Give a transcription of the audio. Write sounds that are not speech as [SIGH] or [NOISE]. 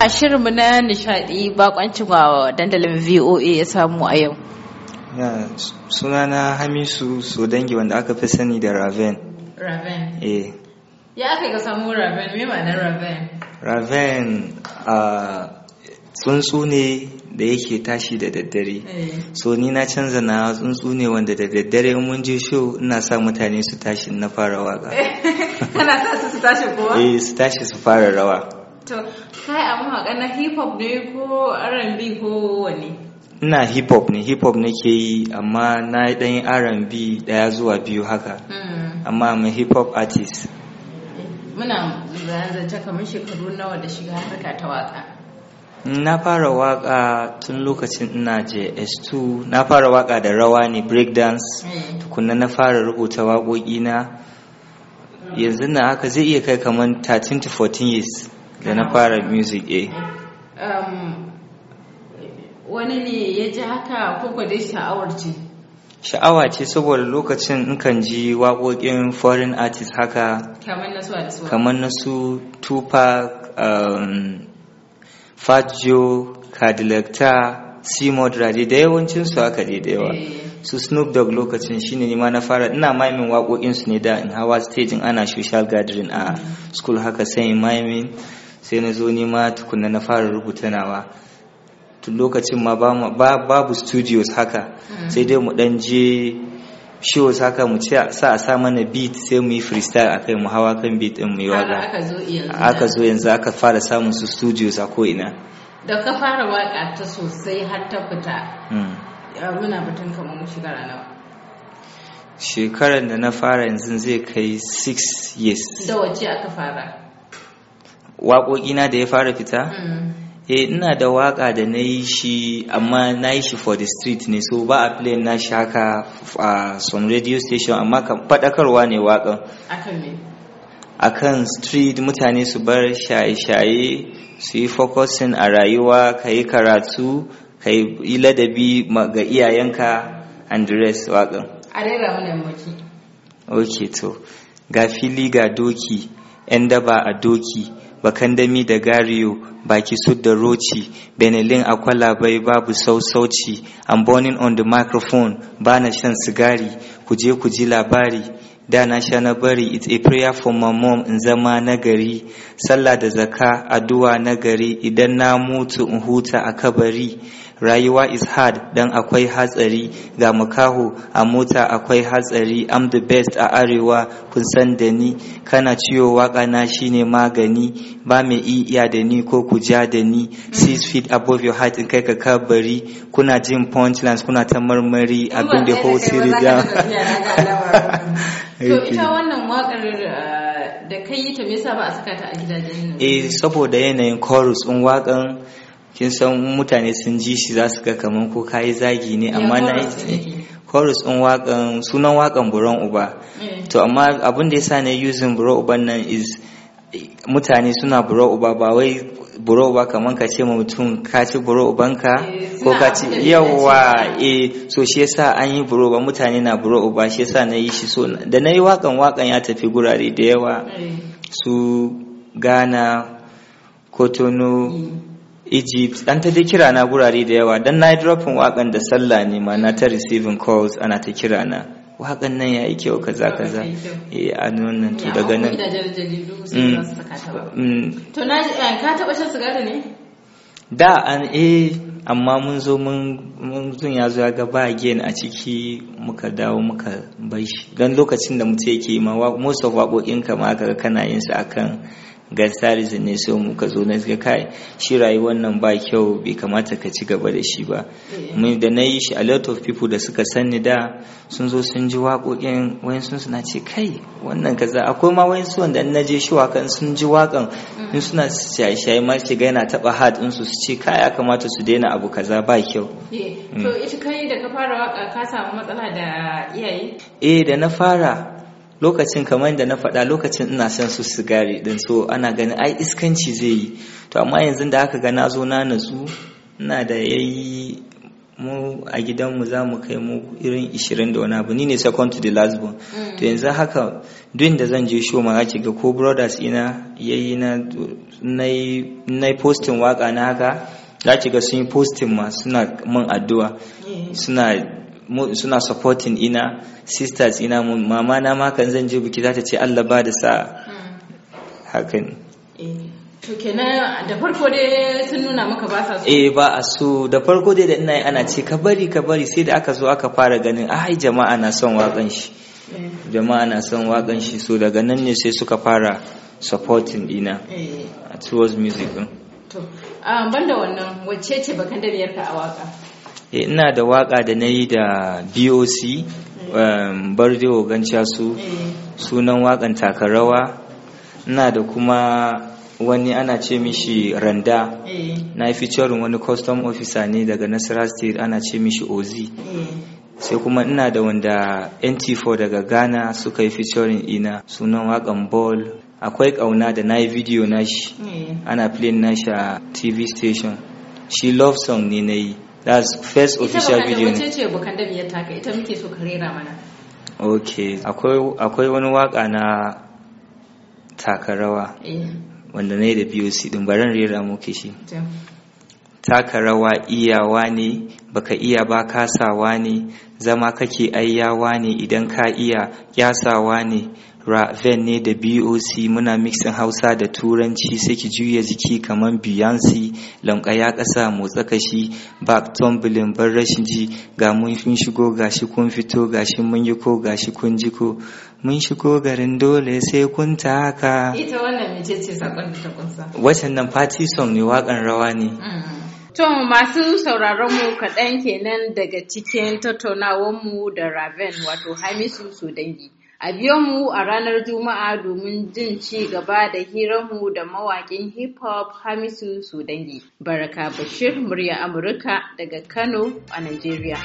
a shirinmu na nishadi bakoncin wa dandalin voa ya samu a yau Suna na hamisu dangi wanda aka fi sani da raven raven eh ya aka ga samu raven mai ma'anar raven raven a tsuntsu ne da yake tashi da daddare eh. so ni na canza na tsuntsu ne wanda da daddare mun je show ina sa mutane su tashi na fara waka [LAUGHS] kana sa su tashi kowa eh su tashi su fara rawa to kai a mawaka na hip hop ne ko R&B ko wani ina hip hop ne hip hop nake yi amma na yi dan R&B daya zuwa biyu haka hmm. amma mai hip hop artist muna zanzan ta kamar shekaru nawa da shiga harka ta waka na fara waka tun lokacin ina js2 na fara waka da rawa ne breakdance hmm. tukunna na fara rubuta waƙoƙi na yanzu na haka zai iya kai kamar 13 to 14 years da na fara music a eh. um, wani ne ya ji haka ko dai sha'awar ce sha'awa ce saboda lokacin in kan ji waƙoƙin foreign artist haka kamar na su tupac um, fat joe cadillac da yawancinsu haka dai da yawa eh. su snoop dogg lokacin shine ne ma na fara ina maimin waƙoƙinsu ne da in hawa stage ana social gathering a mm. school haka sai maimin sai na zo nema tukunna na fara rubuta nawa tun lokacin ma babu studios haka hmm. sai dai mu dan je shows haka mu ce sa a sa mana beat sai mu yi freestyle akai mu hawa kan beat din mu yi waka aka zo yanzu aka fara samun su studios a ko ina da ka fara waka ta sosai har ta fita hmm. muna batun kamar mu a nawa shekarar da na fara yanzu zai kai 6 years da wace aka fara waƙoƙina da ya fara fita mm. eh ina da waƙa da na yi shi amma na yi shi for the street ne so ba a play na shi haka a some radio station amma kan faɗakarwa ne wakan akan street mutane su bar shaye-shaye su yi focusing a rayuwa ka yi karatu ka yi ladabi ga iyayenka and the rest wakan a rera mana maki ok to ga fili ga doki 'yan daba a doki bakandami da gariyo baki su da roci benelin a bai babu sausauci i'm burning on the microphone ba na shan sigari kuje kuji labari da na sha na bari it's a prayer for my mom in zama na gari sallah da zaka addu'a na gari idan na mutu in huta a kabari rayuwa is hard dan akwai hatsari ga mukaho a mota akwai hatsari am the best a arewa kun san da ni kana ciwo waka na shine magani ba mai iya da ni ko ku ja da ni six feet above your height in kai ka kabari kuna jin punchlines kuna ta marmari abin da whole series [LAUGHS] down to ita wannan wakar eh, da kai yi ta me yasa ba a saka ta a gidajen eh saboda yanayin chorus in wakan kin san mutane sun ji shi za su ga kamar ko kayi zagi ne amma na chorus eh, in wakan sunan wakan buron uba eh. to amma abin da yasa na using buron uba nan is mutane suna buron uba ba wai buron uba kamar ka ce mutum ka ci uban ka eh, ko ka ci yawa eh so shi yasa an yi buron uba mutane na buron uba shi yasa na yi shi so da na yi wakan wakan ya tafi gurare da yawa su Ghana Kotono mm. Egypt an ta dai kira na gurare da yawa dan yi dropin wakan da sallah ne ma na ta receiving calls ana ta kira na wakan nan yayi kyau kaza kaza eh a nan to daga nan mm. mm. to na eh, ka taba shan sigari ne da an eh amma mun zo mun zun ya zo ya ga ba again a ciki muka dawo muka bai shi dan lokacin da mutum yake ma most of waƙoƙin ka ma ka kana yin su akan gastarizin ne sai ka zo na ga kai shi rayuwar nan ba kyau bai kamata ka ci gaba da shi ba eh. mun da na yi shi a lot of people da suka sani da sun zo sun ji waƙoƙin wayan sun suna ce kai wannan kaza akwai ma wayan su wanda na je shi wakan sun ji wakan mm. in suna shaye-shaye ma shi ga yana taɓa hard in su ce kai ya kamata su daina abu kaza ba kyau. Eh. Mm. to ita kai da ka fara waka ka samu matsala da iyaye? eh da na fara lokacin kamar da na faɗa lokacin ina son su sigari din so ana ganin ai iskanci zai yi to amma yanzu da aka ga na zo na natsu ina da yayi mu a gidanmu za mu kai mu irin 20 da wani abu ni ne second to the last one. Mm. to yanzu haka duk da zan je show ma ga ko brothers ina yayi na na postin waka na haka za ki ga sun yi postin ma suna min addu'a suna suna supporting ina sisters ina mama na makan zan je biki za ta ce Allah ba da sa hakan eh, to kenan da farko dai sun nuna maka ba sa so eh ba a so da farko dai da ina yi ana ce ka bari ka bari sai da aka zo aka fara ganin ai jama'a na son wakan shi eh. jama'a na son wakan shi so daga nan ne sai suka fara supporting ina eh. towards music to ah, banda wannan wacce ce bakan da ka a waƙa. Eh, ina da waka da na yi da boc bardewo ganciya su sunan wakan takarawa ina da kuma wani ana ce mishi randa na yi featuring wani custom officer ne daga nasara state ana ce mishi ozi sai kuma ina da wanda nt4 daga ghana suka yi featuring ina sunan wakan ball akwai kauna da na yi video nashi eh. ana playing nashi a tv station shi love song ne na yi that's first official video ita ce bukanda biyar taka ita muke so ka rera mana okay akwai wani waka na takarawa eh. wanda na yi da BOC din baran rera muke shi taka rawa iyawa ne baka iya ba kasawa ne zama kake ayyawa ne idan ka iya kyasawa ne raven ne da boc muna mixin hausa da turanci sai ki juya jiki kamar beyonce lankaya kasa motsa kashi back tumbling bar rashin ji ga mun shigo gashi kun fito gashi mun yi ko gashi kun ji ko mun shigo garin dole sai kun taka ita wannan mece ce sakon da ta kunsa waccan nan party song ne wakan rawa ne mm. To masu sauraron mu kaɗan kenan daga cikin tattaunawar mu da Raven wato Hamisu Sodangi. A biyo mu a ranar Juma'a domin jin ci gaba da hiranmu da mawaƙin hip hop Hamisu Sudangi. Baraka Bashir murya Amurka daga Kano a Najeriya.